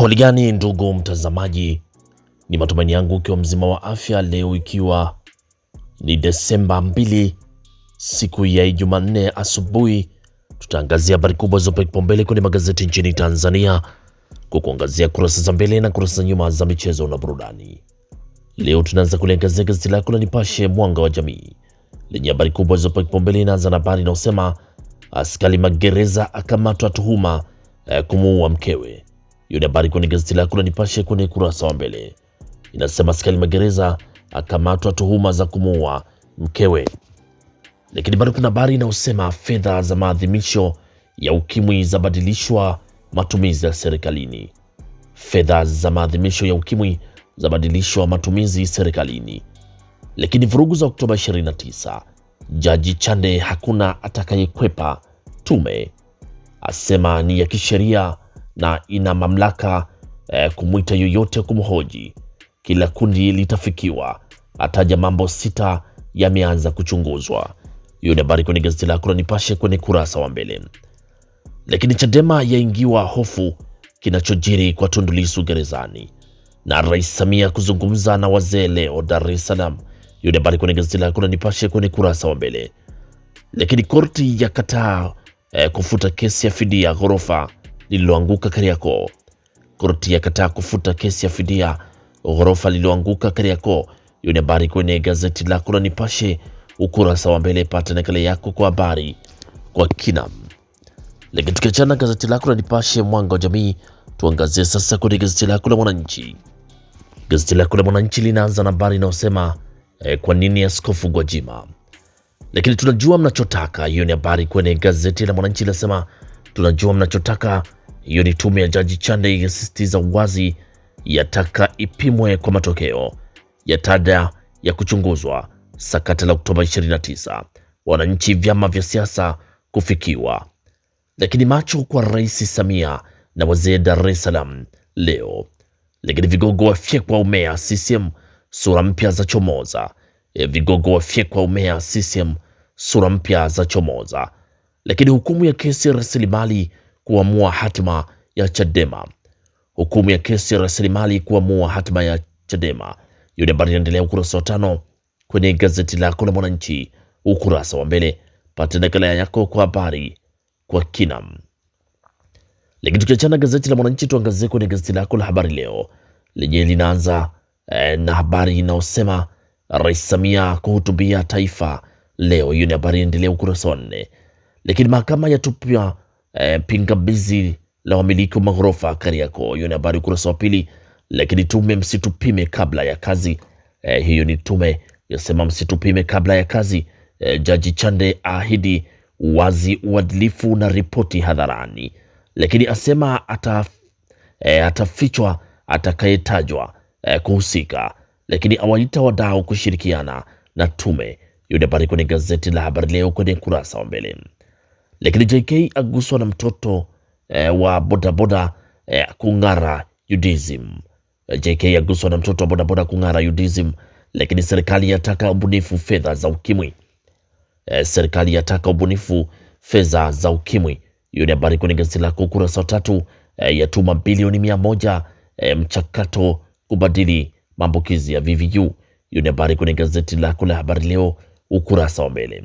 Hali gani ndugu mtazamaji, ni matumaini yangu ukiwa mzima wa afya leo, ikiwa ni Desemba mbili, siku ya Jumanne asubuhi, tutaangazia habari kubwa zopewa kipaumbele kwenye magazeti nchini Tanzania kwa kuangazia kurasa za mbele na kurasa za nyuma za michezo na burudani. Leo tunaanza kuliangazia gazeti lako la Nipashe Mwanga wa Jamii lenye habari kubwa zilizopewa kipaumbele. Inaanza na habari inayosema askari magereza akamatwa tuhuma ya eh, kumuua mkewe. Hiyo ni habari kwenye gazeti lako la Nipashe kwenye kurasa wa mbele, inasema askari magereza akamatwa tuhuma za kumuua mkewe. Lakini bado kuna habari inayosema fedha za maadhimisho ya ukimwi zabadilishwa matumizi ya serikalini. Fedha za maadhimisho ya ukimwi zabadilishwa matumizi serikalini. Lakini vurugu za Oktoba 29, Jaji Chande hakuna atakayekwepa, tume asema ni ya kisheria na ina mamlaka eh, kumwita yoyote kumhoji. Kila kundi litafikiwa. Ataja mambo sita yameanza kuchunguzwa. Hiyo ni habari kwenye gazeti lako la Nipashe kwenye kurasa wa mbele. Lakini Chadema yaingiwa hofu kinachojiri kwa Tundu Lissu gerezani, na Rais Samia kuzungumza na wazee leo Dar es Salaam. Hiyo ni habari kwenye gazeti lako la Nipashe kwenye kurasa wa mbele. Lakini korti kataa eh, kufuta kesi ya fidia ghorofa lililoanguka Kariakoo. Korti yakataa kufuta kesi ya fidia ghorofa lililoanguka Kariakoo. Hiyo ni habari kwenye gazeti lako la Nipashe ukurasa wa mbele, pata nakala yako kwa habari kwa kina. Lakini tukiachana gazeti lako la Nipashe mwanga wa jamii, tuangazie sasa kwenye gazeti lako la Mwananchi. Gazeti lako la Mwananchi linaanza na habari inayosema eh, kwa nini askofu Gwajima? Lakini tunajua mnachotaka. Hiyo ni habari kwenye gazeti la Mwananchi, linasema tunajua mnachotaka hiyo ni tume ya Jaji Chande ikisisitiza wazi, yataka ipimwe kwa matokeo, TADA ya kuchunguzwa sakata la Oktoba 29, wananchi, vyama vya siasa kufikiwa. Lakini macho kwa Rais Samia na wazee Dar es Salaam leo. Lakini vigogo wafyekwa umea CCM, sura mpya za chomoza. E, vigogo wafyekwa umea CCM, sura mpya za chomoza. Lakini hukumu ya kesi rasilimali kuamua hatima ya Chadema. Hukumu ya kesi ya rasilimali kuamua hatima ya Chadema. Hiyo ni habari inaendelea ukurasa wa tano kwenye gazeti lako la Mwananchi ukurasa wa mbele. Pata nakala yako kwa habari kwa kinam. Lakini tukiachana gazeti la Mwananchi, tuangazie kwenye gazeti lako la Habari Leo lenye linaanza eh, na habari inayosema Rais Samia kuhutubia taifa leo. Hiyo ni habari inaendelea ukurasa wa nne. Lakini mahakama yatupia e, eh, pingamizi la wamiliki wa maghorofa Kariakoo. Hiyo ni habari ukurasa wa pili. Lakini tume msitupime kabla ya kazi eh, hiyo ni tume yasema msitupime kabla ya kazi eh, Jaji Chande ahidi wazi, uadilifu na ripoti hadharani, lakini asema ata, eh, atafichwa atakayetajwa eh, kuhusika, lakini awaita wadau kushirikiana na tume. Hiyo ni habari kwenye gazeti la Habari Leo kwenye kurasa wa mbele. Lakini JK aguswa na mtoto e, wa bodaboda e, kung'ara UDSM. JK aguswa na mtoto wa bodaboda kung'ara UDSM. Lakini serikali yataka ubunifu fedha za ukimwi. e, serikali yataka ubunifu fedha za ukimwi. Hiyo ni habari kwenye gazeti lako ukurasa wa tatu. E, yatuma bilioni mia moja e, mchakato kubadili maambukizi ya VVU. Hiyo ni habari kwenye gazeti lako la habari leo ukurasa wa mbele.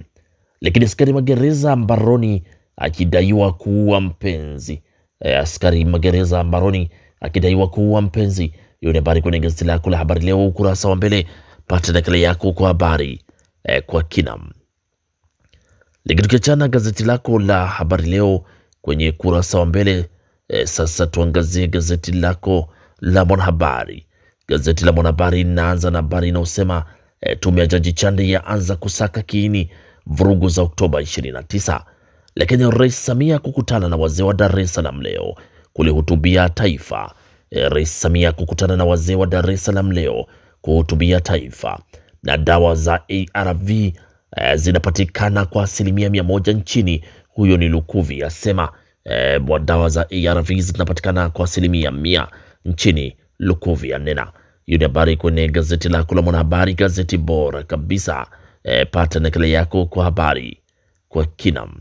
Lakini askari magereza mbaroni akidaiwa kuua mpenzi. E, askari magereza mbaroni akidaiwa kuua mpenzi. Hiyo ni habari kwenye gazeti lako la habari leo ukurasa wa mbele, pata nakala yako kwa habari e, kwa kina. Lakini tukiachana gazeti lako la habari leo kwenye kurasa wa mbele e, sasa tuangazie gazeti lako la Mwanahabari. Gazeti la Mwanahabari inaanza na habari inayosema e, tume ya jaji Chande yaanza kusaka kiini vurugu za Oktoba 29. Lakini Rais Samia kukutana na wazee wa Dar es Salaam leo kulihutubia taifa. Eh, Rais Samia kukutana na wazee wa Dar es Salaam leo kuhutubia taifa. Na dawa za ARV eh, zinapatikana kwa asilimia mia moja nchini. Huyo ni Lukuvi asema eh, dawa za ARV zinapatikana kwa asilimia mia nchini. Lukuvi anena hiyo ni habari kwenye gazeti lako la Mwanahabari, gazeti bora kabisa. E, pata nakala yako kwa habari kwa kinam.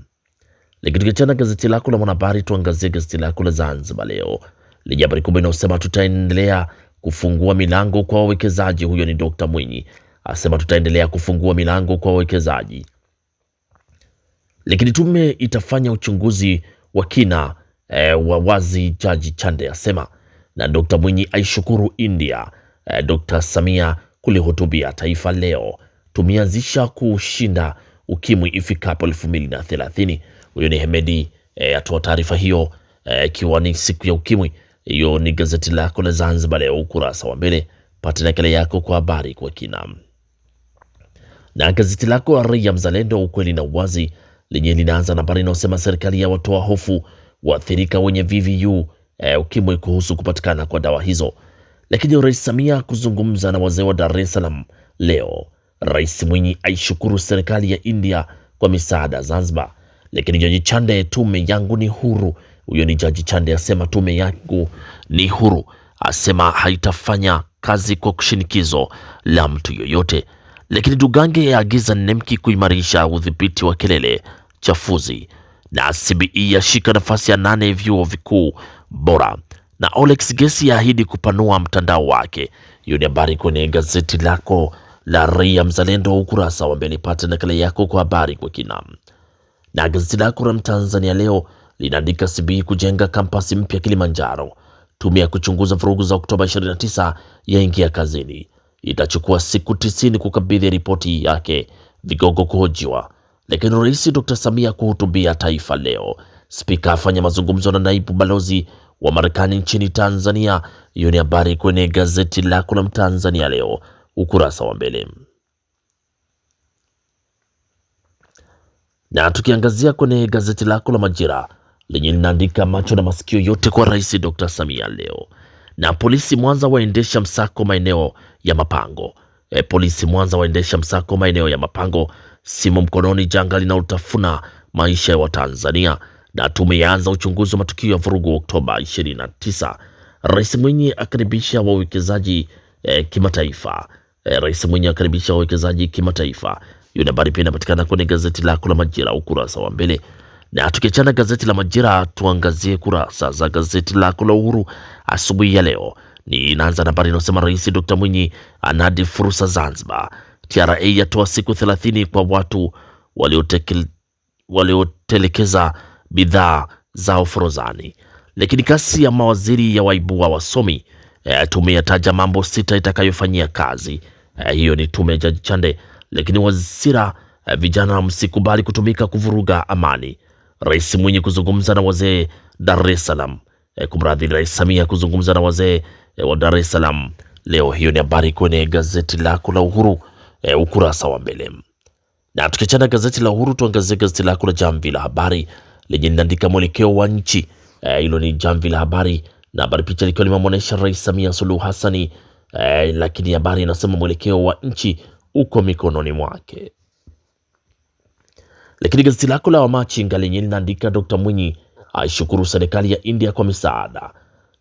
Likitukachana gazeti lako la Mwanahabari, tuangazie gazeti lako la Zanzibar Leo lenye habari kubwa inayosema tutaendelea kufungua milango kwa wawekezaji. Huyo ni Dr. Mwinyi asema tutaendelea kufungua milango kwa wawekezaji, lakini tume itafanya uchunguzi wa kina e, wa wazi. Jaji Chande asema na Dr. Mwinyi aishukuru India e, eh, Dr. Samia kulihutubia taifa leo tumeanzisha kushinda ukimwi ifikapo elfu mbili na thelathini. Huyo ni Hemedi e, atoa taarifa hiyo eh, ikiwa e, ni siku ya ukimwi. Hiyo ni gazeti lako la Zanzibar ya ukurasa wa mbele, pata nakala yako kwa habari kwa kina. Na gazeti lako Raia Mzalendo, ukweli na uwazi, lenye linaanza nambari inayosema serikali ya watoa hofu waathirika wenye VVU e, eh, ukimwi kuhusu kupatikana kwa dawa hizo. Lakini Rais Samia kuzungumza na wazee wa Dar es Salaam leo Rais Mwinyi aishukuru serikali ya India kwa misaada Zanzibar. Lakini Jaji Chande, tume yangu ni huru. Huyo ni Jaji Chande asema tume yangu ni huru, asema haitafanya kazi kwa shinikizo la mtu yoyote. Lakini Dugange yaagiza Nemki kuimarisha udhibiti wa kelele chafuzi, na CBE yashika nafasi ya nane vyuo vikuu bora, na Olex Gesi yaahidi kupanua mtandao wake. Hiyo ni habari kwenye gazeti lako la Raia Mzalendo wa ukurasa wa mbele. Pata nakala yako kwa habari kwa kina. Na gazeti lako la Mtanzania leo linaandika CB kujenga kampasi mpya Kilimanjaro. Tume ya kuchunguza vurugu za Oktoba 29 yaingia kazini, itachukua siku tisini kukabidhi ripoti yake, vigogo kuhojiwa. Lakini Rais Dr. Samia kuhutubia taifa leo, spika afanya mazungumzo na naibu balozi wa Marekani nchini Tanzania. Hiyo ni habari kwenye gazeti lako la Mtanzania leo ukurasa wa mbele. Na tukiangazia kwenye gazeti lako la Majira lenye linaandika macho na masikio yote kwa Rais Dr. Samia leo. Na polisi Mwanza waendesha msako maeneo ya Mapango. E, polisi Mwanza waendesha msako maeneo ya Mapango. Simu mkononi, janga linalotafuna maisha ya Watanzania. Na tumeanza uchunguzi wa matukio ya vurugu Oktoba 29. Rais Mwinyi akaribisha wawekezaji e, kimataifa eh, rais mwinyi akaribisha wawekezaji kimataifa. Hiyo habari pia inapatikana kwenye gazeti lako la Majira ukurasa wa mbele. Na tukiachana gazeti la Majira, tuangazie kurasa za gazeti lako la Uhuru asubuhi ya leo. Ninaanza na habari inayosema Rais Dr Mwinyi anadi fursa Zanzibar. TRA yatoa siku 30 kwa watu waliotelekeza bidhaa zao forozani. Lakini kasi ya mawaziri ya waibua wasomi. E, eh, tumeyataja mambo sita itakayofanyia kazi. Eh, hiyo ni tume ya Chande. Lakini Wasira, eh, vijana msikubali kutumika kuvuruga amani. Rais Mwinyi kuzungumza na wazee Dar es Salaam. Eh, kumradhi, Rais Samia kuzungumza na wazee wa Dar es Salaam leo. Hiyo ni habari kwenye gazeti lako la Uhuru e, ukurasa wa mbele. Na tukichana gazeti la Uhuru, tuangazie gazeti lako la Jamvi la Habari lenye linaandika mwelekeo wa nchi. Hilo e, ni Jamvi la Habari na habari picha likiwa limemwonyesha Rais Samia Suluhu Hassani eh, lakini habari inasema mwelekeo wa nchi uko mikononi mwake. Lakini gazeti lako la Wamachinga lenye linaandika Dr. Mwinyi aishukuru serikali ya India kwa misaada,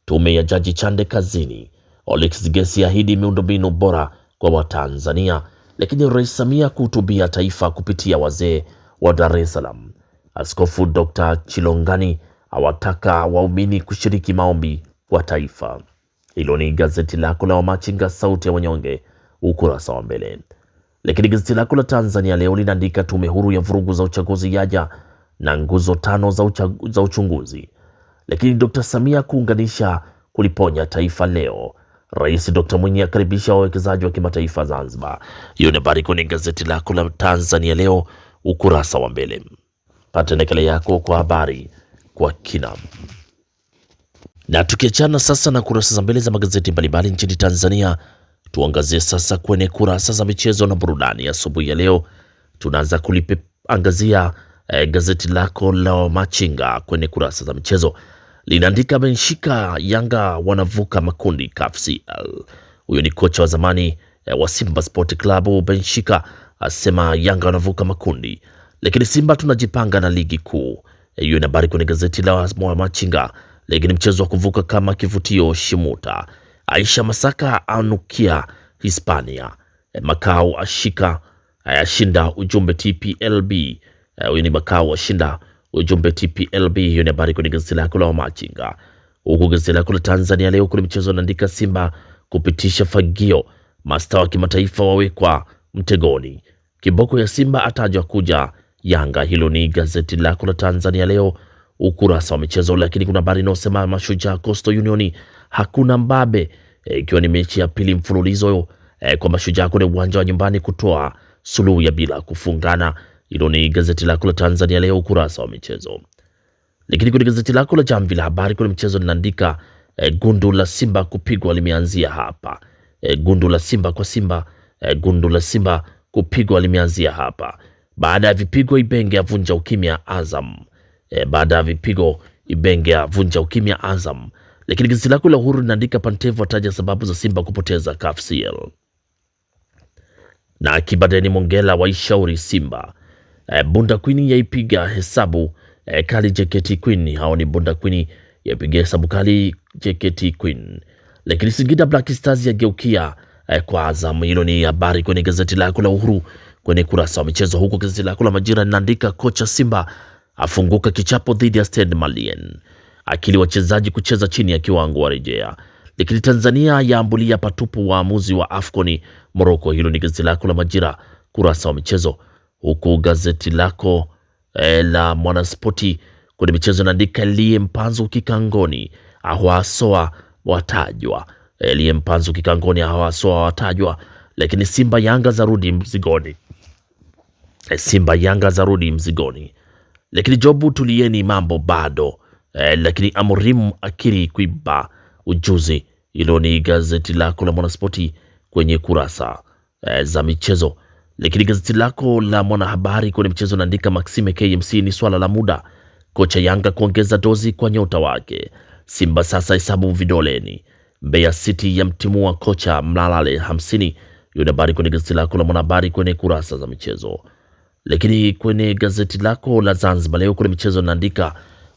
tume ya Jaji Chande kazini, Olex Gesi ahidi miundombinu bora kwa Watanzania, lakini Rais Samia kuhutubia taifa kupitia wazee wa Dar es Salaam. Askofu Dr. Chilongani awataka waumini kushiriki maombi kwa taifa. Hilo ni gazeti lako la Wamachinga sauti ya wanyonge ukurasa wa mbele. Lakini gazeti lako la Tanzania leo linaandika tume huru ya vurugu za uchaguzi yaja na nguzo tano za, ucha, za uchunguzi. Lakini Dr. Samia kuunganisha kuliponya taifa leo. Rais Dr. Mwinyi akaribisha wawekezaji wa kimataifa Zanzibar. Hiyo ni habari kwenye gazeti lako la Tanzania leo ukurasa wa mbele. Pata nakala yako kwa habari kwa kina. Na tukiachana sasa na kurasa za mbele za magazeti mbalimbali nchini Tanzania, tuangazie sasa kwenye kurasa za michezo na burudani asubuhi ya, leo. Tunaanza kuliangazia eh, gazeti lako la Machinga kwenye kurasa za michezo linaandika Benshika Yanga wanavuka makundi KCL. Huyo ni kocha wa zamani eh, wa Simba Sport Club Benshika asema Yanga wanavuka makundi, lakini Simba tunajipanga na ligi kuu. Eh, hiyo eh, ni habari kwenye gazeti la Machinga lakini mchezo wa kuvuka kama kivutio Shimuta. Aisha Masaka anukia Hispania. Eh, Makao ashika ayashinda eh, ujumbe TPLB. Eh, huyu ni Makao ashinda ujumbe TPLB. Hiyo ni habari kwenye gazeti lako la Wamachinga. Huku gazeti lako la Tanzania Leo kule mchezo anaandika Simba kupitisha fagio, masta wa kimataifa wawekwa mtegoni, kiboko ya Simba atajwa kuja Yanga. Hilo ni gazeti lako la Tanzania Leo ukurasa wa michezo. Lakini kuna habari inayosema mashujaa Coastal Union hakuna mbabe, eh, ikiwa e, ni mechi ya pili mfululizo e, kwa mashujaa kwenye uwanja wa nyumbani kutoa suluhu ya bila kufungana. Hilo ni gazeti lako la Tanzania Leo, ukurasa wa michezo. Lakini kwenye gazeti lako la Jamvi la Habari kwenye michezo linaandika e, gundu la Simba kupigwa limeanzia hapa. E, gundu la Simba kwa Simba e, gundu la Simba kupigwa limeanzia hapa. Baada ya vipigo Ibenge avunja ukimya Azam e, baada ya vipigo Ibenge avunja ukimya Azam. Lakini gazeti lako la Uhuru linaandika Pantev ataja sababu za Simba kupoteza CAFCL na Kibadeni Mongela waishauri Simba. E, Bunda Queen yaipiga hesabu e, kali JKT Queen. Hao ni Bunda Queen yaipiga hesabu kali JKT Queen. Lakini Singida Black Stars yageukia e, kwa Azam. Hilo ni habari kwenye gazeti lako la Uhuru kwenye kurasa wa michezo, Huko gazeti lako la Majira linaandika kocha Simba afunguka kichapo dhidi ya Stade Malien, akili wachezaji kucheza chini ya kiwango warejea. Lakini Tanzania yaambulia patupu waamuzi wa Afconi Morocco. Hilo ni gazeti lako la Majira kurasa wa michezo, huku gazeti lako eh, la Mwanaspoti kwenye michezo inaandika liye mpanzo kikangoni ahwasoa watajwa liye mpanzo kikangoni awasoa watajwa. Lakini Simba Yanga zarudi mzigoni, eh, Simba Yanga zarudi mzigoni lakini Jobu tulieni, mambo bado eh, lakini Amorim akiri kuiba ujuzi. Hilo ni gazeti lako la Mwanaspoti kwenye kurasa eh, za michezo. Lakini gazeti lako la Mwanahabari kwenye michezo naandika Maxime KMC ni swala la muda, kocha Yanga kuongeza dozi kwa nyota wake, Simba sasa hesabu vidoleni, Mbeya City yamtimua kocha Mlalale hamsini. Hiyo ni habari kwenye gazeti lako la Mwanahabari kwenye kurasa za michezo. Lakini kwenye gazeti lako la Zanzibar Leo kuna michezo inaandika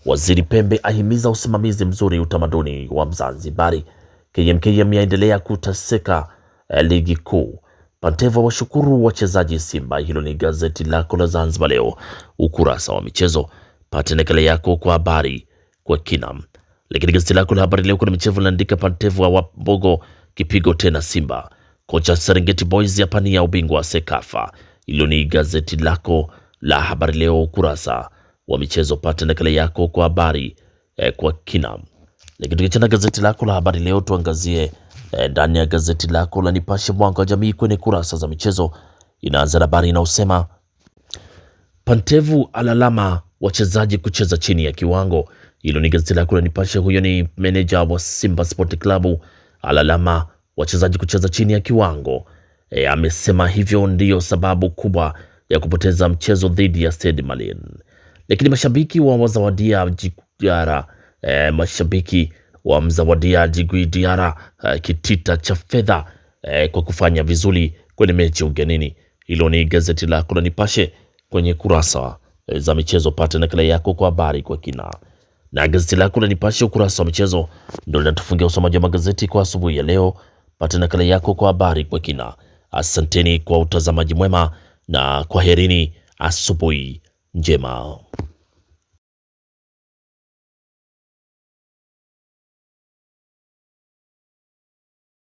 Waziri Pembe ahimiza usimamizi mzuri utamaduni wa Mzanzibari. KMKM yaendelea kutaseka eh, ligi kuu. Pantevo washukuru wachezaji Simba. Hilo ni gazeti lako la Zanzibar Leo ukurasa wa michezo, pate nakala yako kwa habari kwa kina. Lakini gazeti lako la habari leo kuna michezo linaandika Pantevo wa Mbogo kipigo tena Simba, kocha Serengeti Boys yapania ubingwa Sekafa hilo ni gazeti lako la Habari Leo ukurasa wa michezo. Pata nakala yako kwa habari eh, kwa kina. Lakini tukichana gazeti lako la Habari Leo, tuangazie eh, ndani eh, ya gazeti lako la Nipashe Mwanga wa Jamii kwenye kurasa za michezo. Inaanza habari inayosema Pantevu alalama wachezaji kucheza chini ya kiwango. Hilo ni gazeti lako la Nipashe. Huyo ni meneja wa Simba Sport Club alalama wachezaji kucheza chini ya kiwango. E, amesema hivyo ndiyo sababu kubwa ya kupoteza mchezo dhidi ya Stade Malien, lakini mashabiki wa wazawadia Diarra e, mashabiki wamzawadia Djigui Diarra e, kitita cha fedha e, kwa kufanya vizuri kwenye mechi ugenini. Hilo ni gazeti lako la Nipashe kwenye kurasa e, za michezo. Pata nakala yako kwa habari kwa kina na gazeti lako la Nipashe ukurasa wa michezo ndio linatufungia usomaji wa magazeti kwa asubuhi ya leo. Pata nakala yako kwa habari kwa kina. Asanteni kwa utazamaji mwema na kwaherini, asubuhi njema.